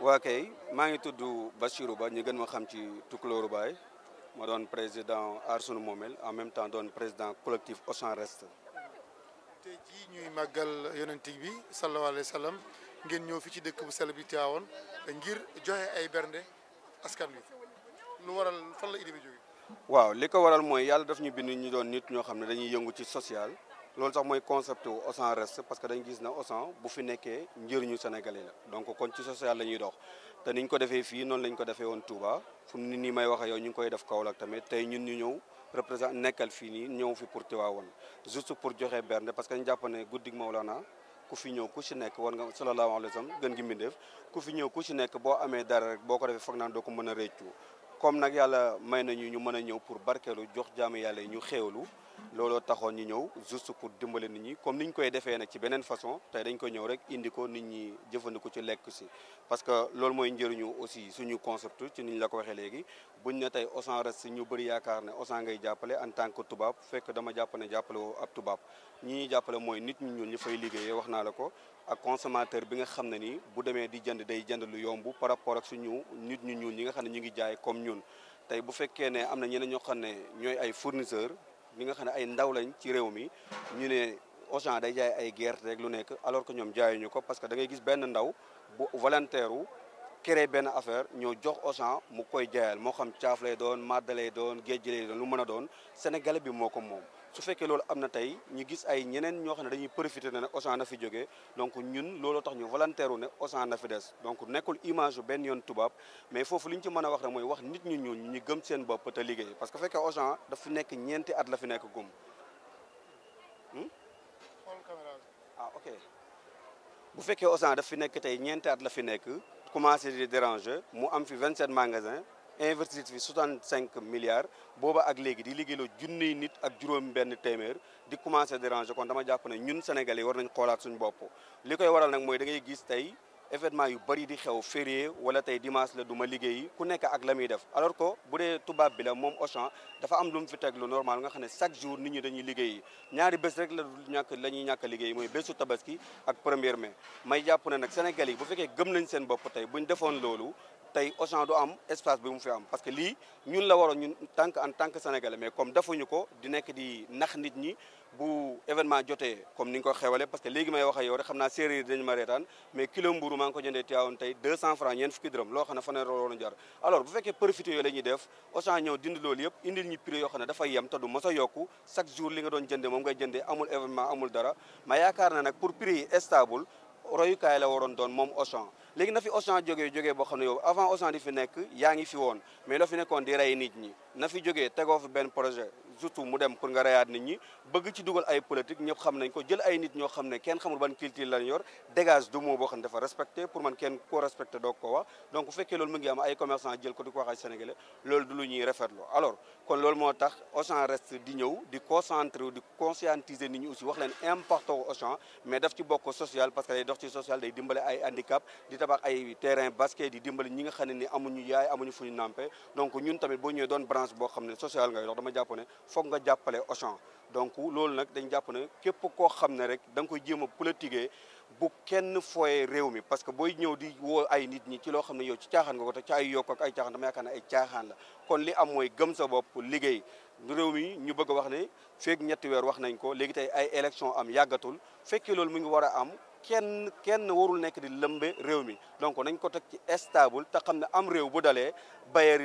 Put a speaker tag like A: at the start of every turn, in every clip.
A: waa kay maa ngi tudd bashiru Ba ñu gën ma xam ci Tukulóoru Baay ma doon président Aar Sunu Moomeel en même temps doon président collectif Auchan Reste. tey jii ñuy màggal yonent bi sallallahu alayhi wa sallam ngeen ñëw fi ci dëkk bu sell bi woon ngir joxe ay bernde askan wi lu waral fan la idée bi jóge waaw li ko waral mooy yàlla daf ñu bind ñu doon nit ñoo xam ne dañuy yëngu ci social. loolu sax mooy concept wu Auchan reste parce que dañ gis na Auchan bu fi nekkee njëriñu Sénégalais la donc kon ci social la ñuy dox te niñ ko defee fii noonu lañ ko defee woon Touba fu nit may waxe yow ñu ngi koy def Kaolack tamit tey ñun ñu ñëw représent nekkal fii nii ñëw fi pour Tiwaawoon juste pour joxe bernde parce que ñu jàpp ne guddig Mawlana ku fi ñëw ku ci nekk war nga sallallahu alayhi wa sallam gën gi mbindeef ku fi ñëw ku ci nekk boo amee dara rek boo ko defee foog naan doo ko mën a réccu comme nag yàlla may nañu ñu mën a ñëw pour barkeelu jox jaamu yàlla yi ñu xéewlu looloo taxoon ñu ñëw juste pour dimbale nit ñi comme ni ñu koy defee nag ci beneen façon tey dañ ko ñëw rek indi ko nit ñi jëfandiku ci lekk si parce que loolu mooy njëriñu aussi suñu concept ci niñ la ko waxee léegi buñ ne tey Auchan reste si ñu bëri yaakaar ne Auchan ngay jàppale en tant que tubaab fekk dama jàpp ne jàppale woo ab tubaab ñi ñuy jàppale mooy nit ñu ñun ñu fay liggéeyee wax naa la ko ak consommateur bi nga xam ne nii bu demee di jënd day jënd lu yomb par rapport ak suñu nit ñu ñun ñi nga xam ne ñu ngi jaay comme ñun tey bu fekkee ne am na ñeneen ñoo xam ne ñooy ay fournisseur ñi nga xam ne ay ndaw lañ ci réew mi ñu ne Auchan day jaay ay gerte rek lu nekk alors que ñoom jaayuñu ko parce que da ngay gis benn ndaw bu volontaire wu benn affaire ñoo jox Auchan mu koy jaayal moo xam caaf lay doon màdd lay doon géej lay doon lu mën a doon Sénégalais bi moo ko moom. su fekkee loolu am na tey ñu gis ay ñeneen ñoo xam ne dañuy profiter ne ne Auchan na fi jógee donc ñun looloo tax ñu volontaire wu ne Auchan na fi des donc nekkul image benn yoon tubaab mais foofu li ñu ci mën a wax rek mooy wax nit ñu ñun ñu gëm seen bopp te liggéey parce que fekkee Auchan daf nekk ñeenti at la fi nekk gum hmm? ah, bu fekkee Auchan daf fi nekk tey ñeente at la fi nekk commencé di déranger mu am fi vingt 27 magasin investir fi cinq milliards booba ak léegi di liggéeyloo junniy nit ak juróom benn téeméer di commencé déranger kon dama jàpp ne ñun Sénégalais yi war nañ xoolaat suñu bopp li koy waral nag mooy da ngay gis tey événement yu bari di xew férié wala tey dimanche la duma ma liggéeyi ku nekk ak la muy def alors que bu dee tubaab bi la moom Auchan dafa am lu mu fi teg lu normal nga xam ne chaque jour nit ñi dañuy liggéeyi ñaari bés rek la ñàkk la ñuy ñàkk liggéey mooy bésu tabaski ak premier mai may jàpp ne nag Sénégal yi bu fekkee gëm nañ seen bopp tey buñ defoon loolu tey Auchan du am espace bi mu fi am parce que li ñun la waroon ñun tant que en tant que sénégalais mais comme defuñu ko di nekk di nax nit ñi bu événement jotee comme ni nga ko xewalee parce que léegi may wax ak yow rek xam naa séeréer dañu ma reetaan mais kilo mburu maa ngi ko jëndee Tivaouane tey 200 francs ñeent fukki dërëm loo xam ne fa ne waroon a jar alors bu fekkee profité yooyu la ñuy def Auchan ñëw dindi loolu yëpp indil ñu prix yoo xam ne dafay du mos a yokku chaque jour na nag pour prix yi stable la waroon doon moom Auchan léegi na fi Auchan jógee jógee boo xam ne yow avant Auchan di fi nekk yaa ngi fi woon mais la fi nekkoon di rey nit ñi na fi jógee tegoo fi benn projet surtout mu dem pour nga reyaat nit ñi bëgg ci dugal ay politique ñëpp xam nañ ko jël ay nit ñoo xam ne kenn xamul ban culture lañ yor dégage du mot boo xam ne dafa respecté pour man kenn ko wax donc bu fekkee loolu mu ngi ay commerçant jël ko di ko wax ay sénégalais loolu du lu ñuy rafetlu moo tax Auchan di ñëw di concentrer di conscientiser nit ñi aussi wax leen importe Auchan mais daf ci bokk social parce que day dox ci social day dimbale ay handicap di tabax ay terrain basket di dimbale ñi nga xam ne ni amuñu yaay amuñu fu ñu nampé donc ñun tamit boo ñëwee doon branche boo xam ne social ngay dox dama jàpp ne foog nga jàppale Auchan donc loolu nag dañ jàpp ne képp koo xam ne rek da nga koy jéem a politiquer bu kenn fooyee réew mi parce que booy ñëw di woo ay nit ñi ci loo xam ne yow ci caaxaan nga ko te ci ay yokk ak ay caaxaan dama ay caaxaan la kon li am gëm sa bopp liggéey réew mi ñu bëgg a wax ne feeg ñetti weer wax nañ ko léegi tey ay élection am yàggatul fekkee loolu mu ngi war a am kenn kenn warul nekk di lëmbe réew mi donc nañ ko teg ci stable te xam ne am réew bu dalee bayeeri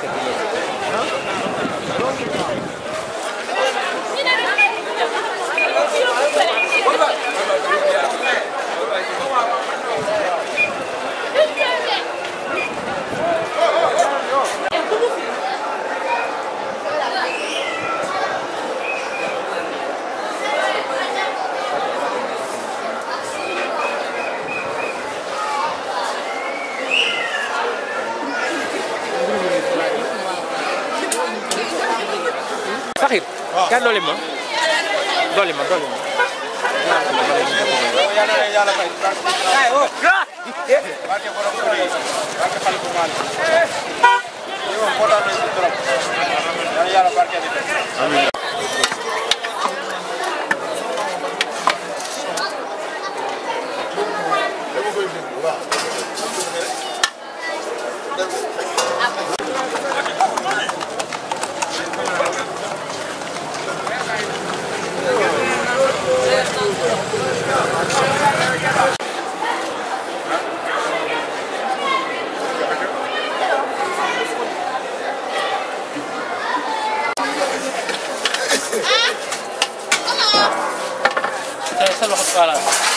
A: ce que Fakhir. Ah. waaw gàddu doole ma doole ma doole ma. amiin. voilà